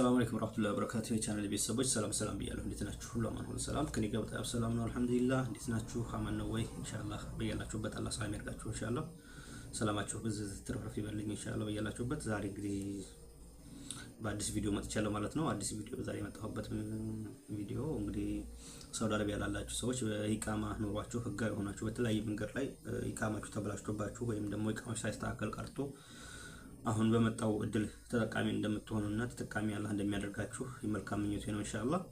ሰላም አለይኩም ወራህመቱላሂ ወበረካቱ። የቻናል ቤተሰቦች ሰላም ሰላም ብያለሁ። እንዴት ናችሁ? ሁሉ አማን ሁሉ ሰላም ከኔ ጋር በጣም ሰላም ነው አልሐምዱሊላህ። እንዴት ናችሁ? አማን ነው ወይ? ኢንሻአላህ በያላችሁበት አላህ ሰላም ያርጋችሁ። ኢንሻአላህ ሰላማችሁ በዝዝ ትርፍርፍ ይበልኝ። ኢንሻአላህ በያላችሁበት። ዛሬ እንግዲህ በአዲስ ቪዲዮ መጥቻለሁ ማለት ነው። አዲስ ቪዲዮ ዛሬ የመጣሁበት ቪዲዮ እንግዲህ ሳውዲ አረቢያ ላላችሁ ሰዎች ኢቃማ ኑሯችሁ ህጋዊ ሆናችሁ በተለያየ መንገድ ላይ ኢቃማችሁ ተበላሽቶባችሁ ወይም ደግሞ ኢቃማችሁ ሳይስተካከል ቀርቶ አሁን በመጣው እድል ተጠቃሚ እንደምትሆኑና ተጠቃሚ አላህ እንደሚያደርጋችሁ የመልካም ምኞቴ ነው። ኢንሻአላህ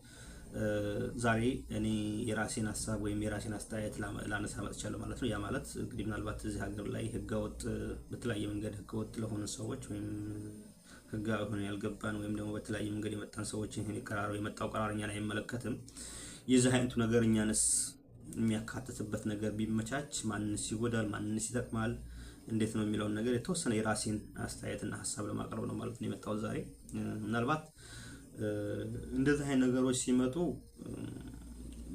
ዛሬ እኔ የራሴን ሀሳብ ወይም የራሴን አስተያየት ላነሳ መጥቻለሁ ማለት ነው። ያ ማለት እንግዲህ ምናልባት እዚህ ሀገር ላይ ህገወጥ በተለያየ መንገድ ህገወጥ ለሆኑ ሰዎች ወይም ህጋዊ ሆነ ያልገባን ወይም ደግሞ በተለያየ መንገድ የመጣን ሰዎች ይህን ቀራሮ የመጣው ቀራር እኛን አይመለከትም። የዚህ አይነቱ ነገር እኛንስ የሚያካትትበት ነገር ቢመቻች ማንስ ይጎዳል? ማንስ ይጠቅማል? እንዴት ነው የሚለውን ነገር የተወሰነ የራሴን አስተያየትና ሀሳብ ለማቅረብ ነው ማለት ነው የመጣው ዛሬ። ምናልባት እንደዚህ አይነት ነገሮች ሲመጡ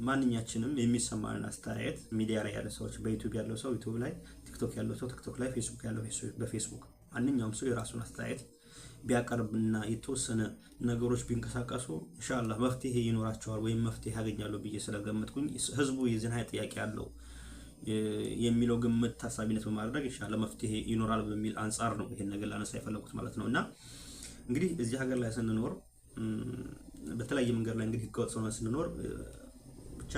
ማንኛችንም የሚሰማንን አስተያየት ሚዲያ ላይ ያለ ሰዎች በዩቱብ ያለው ሰው ዩቱብ ላይ፣ ቲክቶክ ያለው ሰው ቲክቶክ ላይ፣ ፌስቡክ ያለው በፌስቡክ ማንኛውም ሰው የራሱን አስተያየት ቢያቀርብና የተወሰነ ነገሮች ቢንቀሳቀሱ እንሻላ መፍትሄ ይኖራቸዋል ወይም መፍትሄ ያገኛሉ ብዬ ስለገመጥኩኝ ህዝቡ የዚህን ጥያቄ አለው የሚለው ግምት ታሳቢነት በማድረግ ይሻለ መፍትሄ ይኖራል በሚል አንጻር ነው ይሄን ነገር ላነሳ የፈለጉት ማለት ነው። እና እንግዲህ እዚህ ሀገር ላይ ስንኖር በተለያየ መንገድ ላይ እንግዲህ ህገወጥ ሆነን ስንኖር ብቻ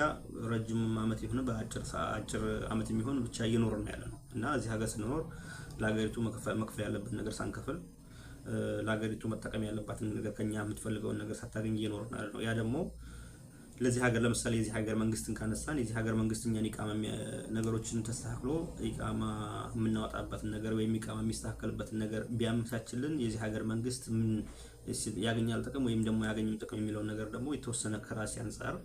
ረጅም ዓመት የሆነ በአጭር ዓመት የሚሆን ብቻ እየኖር ነው ያለ ነው እና እዚህ ሀገር ስንኖር ለሀገሪቱ መክፈል ያለብን ነገር ሳንከፍል ለሀገሪቱ መጠቀም ያለባትን ነገር ከኛ የምትፈልገውን ነገር ሳታገኝ እየኖር ነው ያለ ነው። ያ ደግሞ ለዚህ ሀገር ለምሳሌ የዚህ ሀገር መንግስትን ካነሳን የዚህ ሀገር መንግስት እኛን ኢቃማ ነገሮችን ተስተካክሎ ኢቃማ የምናወጣበትን ነገር ወይም ኢቃማ የሚስተካከልበትን ነገር ቢያመቻችልን የዚህ ሀገር መንግስት ምን ያገኛል ጥቅም ወይም ደግሞ ያገኝም ጥቅም የሚለውን ነገር ደግሞ የተወሰነ ከራሴ አንጻር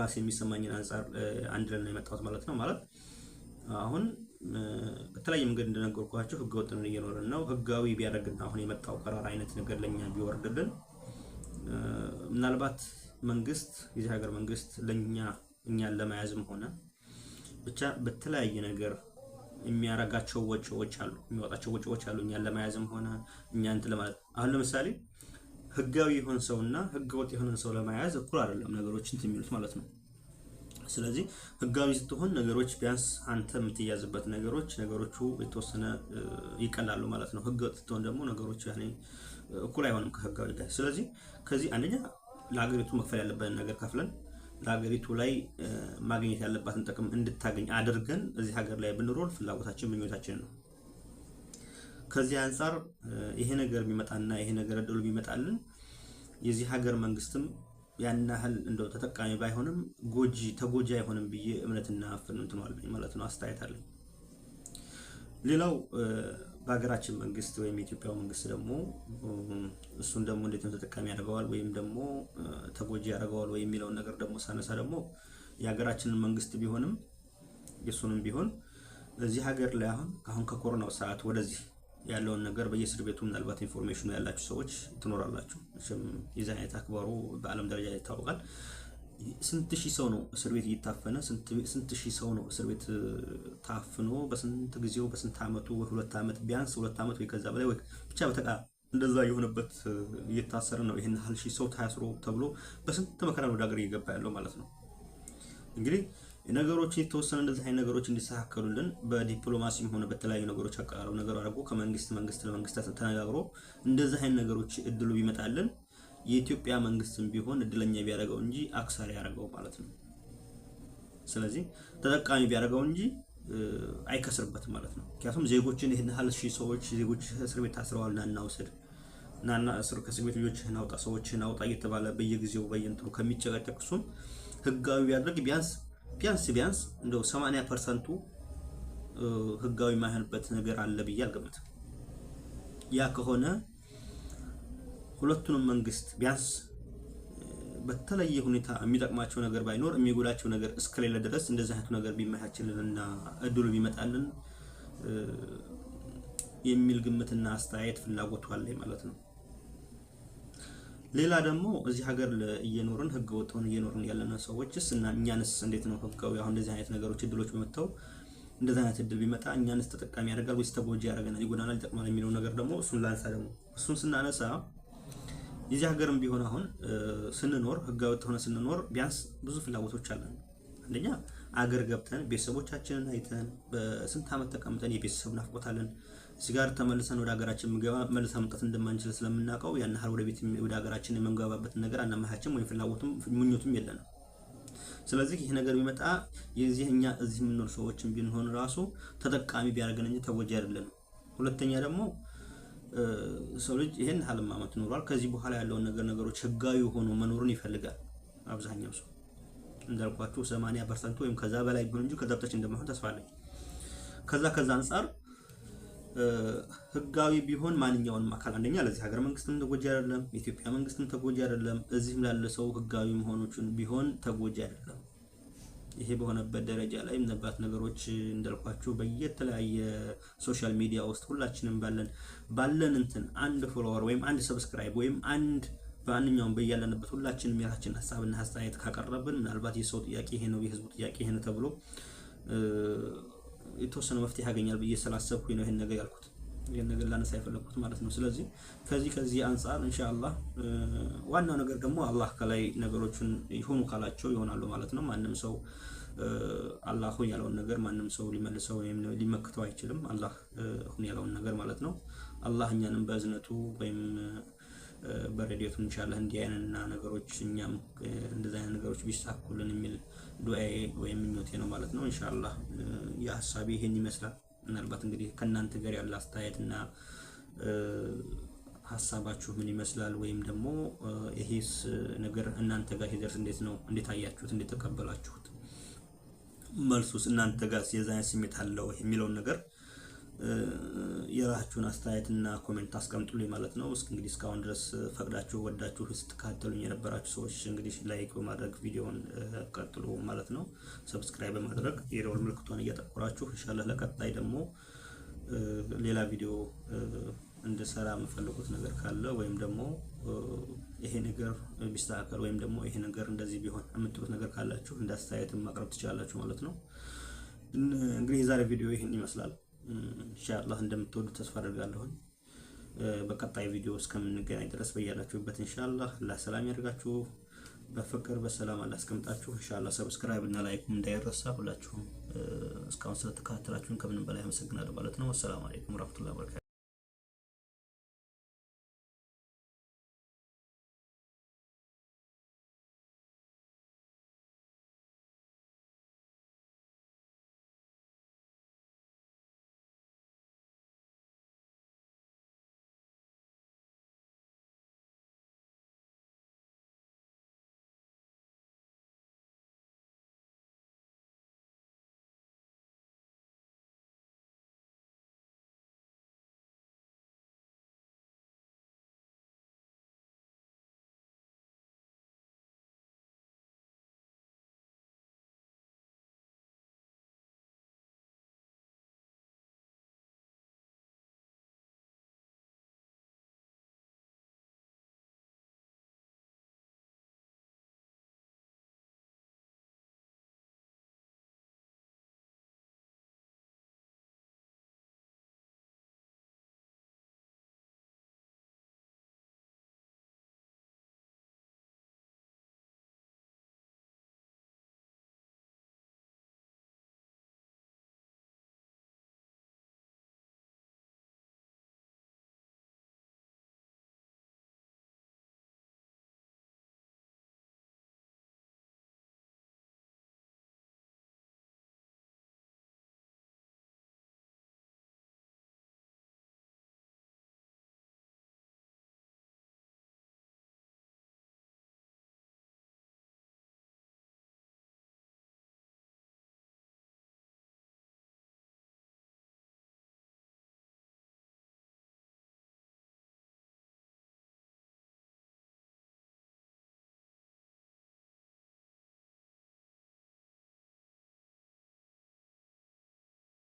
ራሴ የሚሰማኝን አንጻር አንድ ላይ የመጣሁት ማለት ነው። ማለት አሁን በተለያየ መንገድ እንደነገርኳቸው ህገወጥ ነው እየኖርን ነው። ህጋዊ ቢያደርግና አሁን የመጣው ቀራር አይነት ነገር ለእኛ ቢወርድልን ምናልባት መንግስት የዚህ ሀገር መንግስት ለእኛ እኛን ለመያዝም ሆነ ብቻ በተለያየ ነገር የሚያረጋቸው ወጪዎች አሉ፣ የሚወጣቸው ወጪዎች አሉ። እኛን ለመያዝም ሆነ እኛ እንትን ለማለት አሁን ለምሳሌ ህጋዊ የሆነ ሰውና ህገወጥ የሆነ ሰው ለመያዝ እኩል አይደለም ነገሮች እንትን የሚሉት ማለት ነው። ስለዚህ ህጋዊ ስትሆን ነገሮች ቢያንስ አንተ የምትያዝበት ነገሮች ነገሮቹ የተወሰነ ይቀላሉ ማለት ነው። ህገወጥ ስትሆን ደግሞ ነገሮች ያኔ እኩል አይሆንም ከህጋዊ ጋር። ስለዚህ ከዚህ አንደኛ ለሀገሪቱ መክፈል ያለበትን ነገር ከፍለን ለሀገሪቱ ላይ ማግኘት ያለባትን ጥቅም እንድታገኝ አድርገን እዚህ ሀገር ላይ ብንሮል ፍላጎታችን ምኞታችን ነው። ከዚህ አንጻር ይሄ ነገር ቢመጣና ይሄ ነገር እድሉ ቢመጣልን የዚህ ሀገር መንግስትም ያን ያህል እንደው ተጠቃሚ ባይሆንም ጎጂ ተጎጂ አይሆንም ብዬ እምነትና ፍንትኗል ማለት ነው። አስተያየት አለኝ። ሌላው በሀገራችን መንግስት ወይም የኢትዮጵያ መንግስት ደግሞ እሱን ደግሞ እንዴት ነው ተጠቃሚ ያደርገዋል ወይም ደግሞ ተጎጂ ያደርገዋል ወይ የሚለውን ነገር ደግሞ ሳነሳ ደግሞ የሀገራችንን መንግስት ቢሆንም የእሱንም ቢሆን እዚህ ሀገር ላይ አሁን አሁን ከኮሮናው ሰዓት ወደዚህ ያለውን ነገር በየእስር ቤቱ ምናልባት ኢንፎርሜሽኑ ያላችሁ ሰዎች ትኖራላችሁ። ይህ አይነት አክባሩ በዓለም ደረጃ ይታወቃል። ስንት ሺህ ሰው ነው እስር ቤት እየታፈነ ስንት ሺህ ሰው ነው እስር ቤት ታፍኖ በስንት ጊዜው በስንት ዓመቱ ወይ ሁለት ዓመት ቢያንስ ሁለት ዓመት ወይ ከዛ በላይ ወይ ብቻ በተቃ እንደዛ የሆነበት እየታሰረ ነው። ይህን ያህል ሺህ ሰው ታስሮ ተብሎ በስንት መከራ ወደ ሀገር እየገባ ያለው ማለት ነው። እንግዲህ ነገሮች የተወሰነ እንደዚህ አይነት ነገሮች እንዲስተካከሉልን በዲፕሎማሲም ሆነ በተለያዩ ነገሮች አቀራረብ ነገር አድርጎ ከመንግስት መንግስት ለመንግስታት ተነጋግሮ እንደዚህ አይነት ነገሮች እድሉ ይመጣልን የኢትዮጵያ መንግስትም ቢሆን እድለኛ ቢያደርገው እንጂ አክሰር ያደርገው ማለት ነው። ስለዚህ ተጠቃሚ ቢያደርገው እንጂ አይከስርበትም ማለት ነው። ምክንያቱም ዜጎችን ይህን ያህል ሺህ ሰዎች ዜጎች እስር ቤት ታስረዋል፣ ና እናውስድ ናና እስር ከእስር ቤት ልጆችህን አውጣ ሰዎችህን አውጣ እየተባለ በየጊዜው በየንትኑ ከሚጨቀጨቅ እሱም ህጋዊ ቢያደርግ ቢያንስ ቢያንስ ቢያንስ እንደው 80 ፐርሰንቱ ህጋዊ የማይሆንበት ነገር አለ ብዬ አልገምትም። ያ ከሆነ ሁለቱንም መንግስት ቢያንስ በተለየ ሁኔታ የሚጠቅማቸው ነገር ባይኖር የሚጎዳቸው ነገር እስከሌለ ድረስ እንደዚህ አይነቱ ነገር ቢመቻችልን እና እድሉ ቢመጣልን የሚል ግምትና አስተያየት ፍላጎቱ አለ ማለት ነው። ሌላ ደግሞ እዚህ ሀገር እየኖርን ህገ ወጥን እየኖርን ያለን ሰዎችስ እና እኛንስ እንዴት ነው ህጋዊ አሁን እንደዚህ አይነት ነገሮች እድሎች በመጥተው እንደዚህ አይነት እድል ቢመጣ እኛንስ ተጠቃሚ ያደርጋል ወይስ ተጎጂ ያደርገናል፣ ይጎዳናል፣ ይጠቅማል የሚለው ነገር ደግሞ እሱን ላንሳ ደግሞ እሱን ስናነሳ የዚህ ሀገርም ቢሆን አሁን ስንኖር ህጋዊ ሆነ ስንኖር ቢያንስ ብዙ ፍላጎቶች አለን። አንደኛ አገር ገብተን ቤተሰቦቻችንን አይተን በስንት ዓመት ተቀምጠን የቤተሰብ ናፍቆት አለን። እዚህ ጋር ተመልሰን ወደ ሀገራችን ምገባ መልሰ መምጣት እንደማንችል ስለምናውቀው ያን ያህል ወደ ቤት ወደ ሀገራችን የምንገባበትን ነገር አናማያችም ወይም ፍላጎቱም ምኞቱም የለንም። ስለዚህ ይህ ነገር ቢመጣ የዚህ እኛ እዚህ የምንኖር ሰዎችን ቢሆን ራሱ ተጠቃሚ ቢያደርገን እንጂ ተጎጂ አይደለንም። ሁለተኛ ደግሞ ሰው ልጅ ይህን አለማመት ኖሯል። ከዚህ በኋላ ያለውን ነገር ነገሮች ህጋዊ ሆኖ መኖርን ይፈልጋል። አብዛኛው ሰው እንዳልኳቸው 80 ፐርሰንት ወይም ከዛ በላይ ቢሆን እንጂ ከዛ በታች እንደማይሆን ተስፋ አለኝ። ከዛ ከዛ አንጻር ህጋዊ ቢሆን ማንኛውንም አካል አንደኛ ለዚህ ሀገር መንግስትም ተጎጂ አይደለም፣ የኢትዮጵያ መንግስትም ተጎጂ አይደለም፣ እዚህም ላለ ሰው ህጋዊ መሆኖችን ቢሆን ተጎጂ አይደለም። ይሄ በሆነበት ደረጃ ላይ ነባት ነገሮች እንዳልኳችሁ በየተለያየ ሶሻል ሚዲያ ውስጥ ሁላችንም ባለን ባለን እንትን አንድ ፎሎወር ወይም አንድ ሰብስክራይብ ወይም አንድ በማንኛውም በያለንበት ሁላችንም የራችን ሀሳብና አስተያየት ካቀረብን ምናልባት የሰው ጥያቄ ይሄ ነው የህዝቡ ጥያቄ ይሄ ነው ተብሎ የተወሰነ መፍትሄ ያገኛል ብዬ ስላሰብኩኝ ነው ይህን ነገር ያልኩት። ይህን ነገር ላነሳ ማለት ነው። ስለዚህ ከዚህ ከዚህ አንጻር እንሻአላህ ዋናው ነገር ደግሞ አላህ ከላይ ነገሮችን ይሆኑ ካላቸው ይሆናሉ ማለት ነው። ማንም ሰው አላህ ሁን ያለውን ነገር ማንም ሰው ሊመልሰው ወይም ሊመክተው አይችልም። አላህ ሁን ያለውን ነገር ማለት ነው። አላህ እኛንም በእዝነቱ ወይም በረድኤቱ እንሻላ እንዲህ ነገሮች እኛም እንደዚህ አይነት ነገሮች ቢሳኩልን የሚል ዱዓዬ ወይም ምኞቴ ነው ማለት ነው። እንሻላ የሀሳቤ ይሄን ይመስላል። ምናልባት እንግዲህ ከእናንተ ጋር ያለ አስተያየትና ሀሳባችሁ ምን ይመስላል? ወይም ደግሞ ይሄስ ነገር እናንተ ጋር ሲደርስ እንዴት ነው እንዴት አያችሁት? እንዴት ተቀበላችሁት? መልሱስ እናንተ ጋር የዛን ስሜት አለው የሚለውን ነገር የራሳችሁን አስተያየትና ኮሜንት አስቀምጡልኝ ማለት ነው። እስ እንግዲህ እስካሁን ድረስ ፈቅዳችሁ ወዳችሁ ስትከታተሉኝ የነበራችሁ ሰዎች እንግዲህ ላይክ በማድረግ ቪዲዮውን ቀጥሉ ማለት ነው። ሰብስክራይብ በማድረግ የደወል ምልክቷን እያጠቆራችሁ ኢንሻአላህ ለቀጣይ ደግሞ ሌላ ቪዲዮ እንድሰራ የምፈልጉት ነገር ካለ ወይም ደግሞ ይሄ ነገር ቢስተካከል ወይም ደግሞ ይሄ ነገር እንደዚህ ቢሆን የምትሉት ነገር ካላችሁ እንዳስተያየትም ማቅረብ ትችላላችሁ ማለት ነው። እንግዲህ የዛሬ ቪዲዮ ይህን ይመስላል። ኢንሻአላህ እንደምትወዱ ተስፋ አደርጋለሁኝ። በቀጣይ ቪዲዮ እስከምንገናኝ ድረስ በያላችሁበት ኢንሻአላህ አላህ ሰላም ያደርጋችሁ፣ በፍቅር በሰላም አላስቀምጣችሁ። አስቀምጣችሁ። ኢንሻአላህ ሰብስክራይብ እና ላይኩም እንዳይረሳ። ሁላችሁም እስካሁን ስለተከታተላችሁን ከምንም በላይ አመሰግናለሁ ማለት ነው። አሰላሙ አለይኩም ወራህመቱላሂ ወበረካቱ